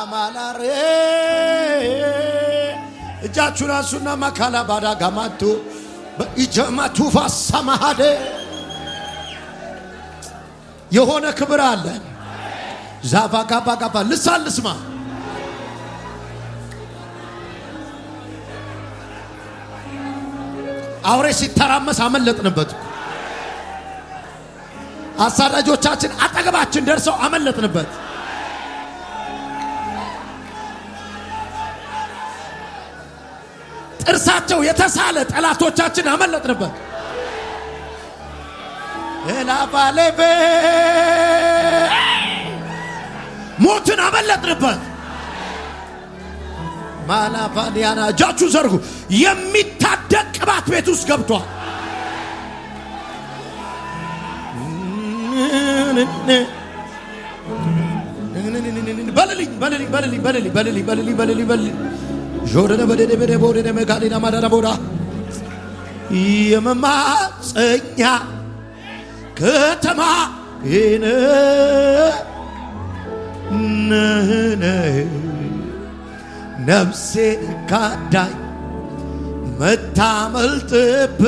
አማላሬ እጃችሁን አንሱና መካላ ባዳ ጋማቱ በኢጀማቱ ፋሳ የሆነ ክብር አለ። ዛባ ጋባ ጋባ ልሳን ልስማ አውሬ ሲተራመስ አመለጥንበት። አሳዳጆቻችን አጠገባችን ደርሰው አመለጥንበት። ጥርሳቸው የተሳለ ጠላቶቻችን አመለጥንበት። ላባሌቤ ሞትን አመለጥንበት። ማላባሊያና እጃችሁ ዘርጉ። የሚታደቅ ቅባት ቤት ውስጥ ገብቷል። በልልኝ በልልኝ በልልኝ በልልኝ በልልኝ በልልኝ ጆረነ በደደ ማዳና ቦራ የመማፀኛ ከተማ ይነ ነህነ ነፍሴ ካዳኝ መታመልጥብ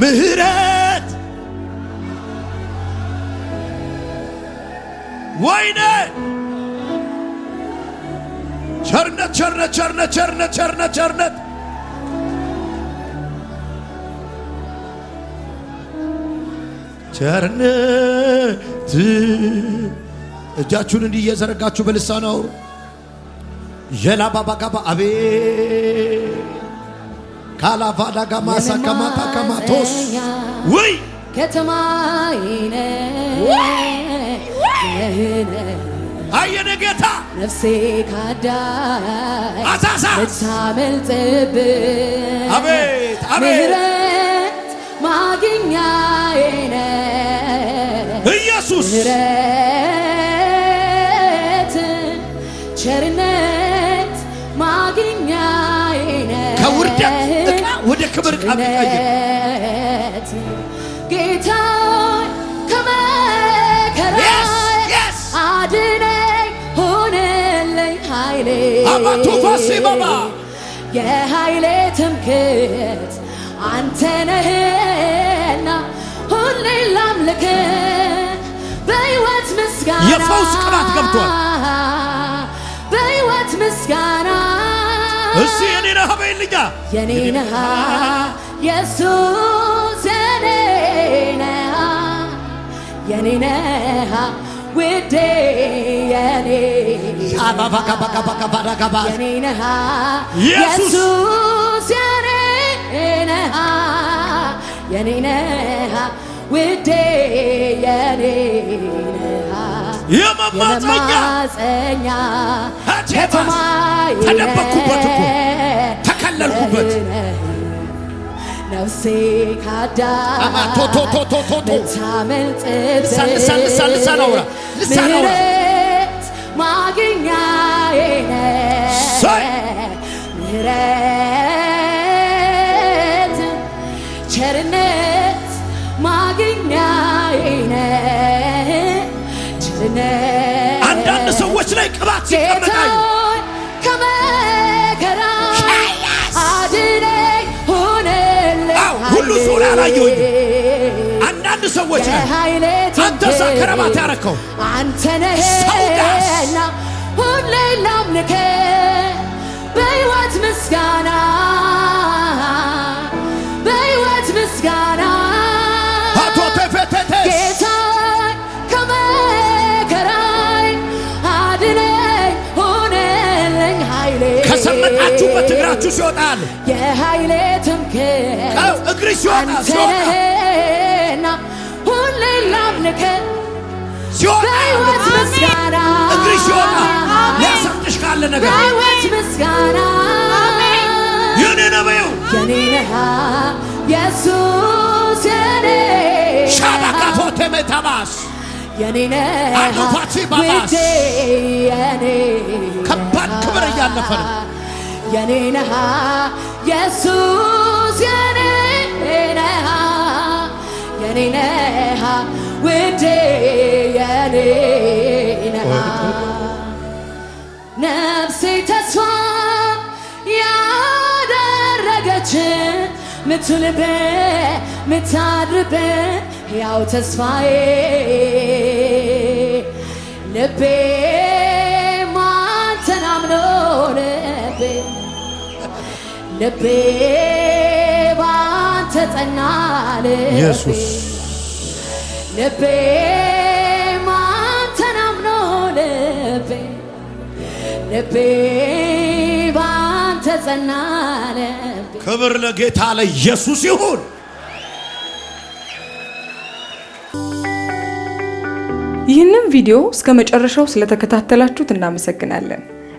ምህረት ወይነ ቸርነት ቸርነት ቸርነት ቸርነት ቸርነት ቸርነት ቸርነት እጃችሁን እንዲህ እየዘረጋችሁ በልሳን አውሩ። የላባባጋባ አቤ ካላቫዳጋማሳ ከማታ ከማቶስ ውይ ከተማዬ ነህ አየነ ጌታ ነፍሴ ካዳኝ ልታመልጥብኝ አቤት ምሕረት ማግኛዬ ነህ ኢየሱስ ምሕረት ቸርነት ማግኛዬ ነህ ከውርደት ዕቃ ወደ ክብር ዕቃ ጌታ የኃይሌ ትምክት አንተ ነህና ሁሌ ላምልክ በሕይወት ምስጋና የፈውስ ቅባት ገብቷል። በሕይወት ምስጋና እሺ የኔ ነህ በይልኛ የኔ ነህ ኢየሱስ የኔ ነህ የኔ ነህ ውዴ የኔ የመማፀኛ ከተማዬ ተደበኩበት ተከለልኩበት ነፍሴ ካዳ ታመልጥ ምህረት ማግኛዬ ምህረት ቸርነት ማግኛዬ ቸርነት አንዳንድ ሰዎች ላይ ቅባት ሲቀመጣል ከመከራ አድነኝ ሆነልኝ ሁሉ ዙሪያ ላይ ሰዎች ላይ አንተ ዛ ከረባት ያረከው አንተ ነህና ሁሌ ላምልክ በሕይወት ምስጋና በሕይወት ምስጋና አቶ ተፈተተ ጌታ ከመከራይ አድነኝ ሆነልኝ ኃይሌ ከሰመጣችሁበት እግራችሁ ሲወጣል የኃይሌ ትምክህት እግር ሲወጣ ሲወጣ ሌላም ከባድ ክብር እያለፈ ነው የኔ ነህ ኢየሱስ የኔ የኔ ነህ ውዴ የኔ ነህ ነፍሴ ተስፋ ያደረገች ምትልብ ምታድርብ ያው ተስፋዬ ልቤ ማንተን ልቤ ልቤ ጸናል ኢየሱስ ልቤ ማንተን አምኖ ልቤ ልቤ ባንተ ጸናል። ክብር ለጌታ ለኢየሱስ ይሁን። ይህንም ቪዲዮ እስከ መጨረሻው ስለተከታተላችሁት እናመሰግናለን።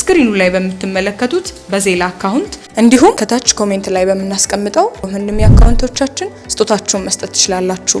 ስክሪኑ ላይ በምትመለከቱት በዜላ አካውንት እንዲሁም ከታች ኮሜንት ላይ በምናስቀምጠው ወንድም የአካውንቶቻችን ስጦታችሁን መስጠት ትችላላችሁ።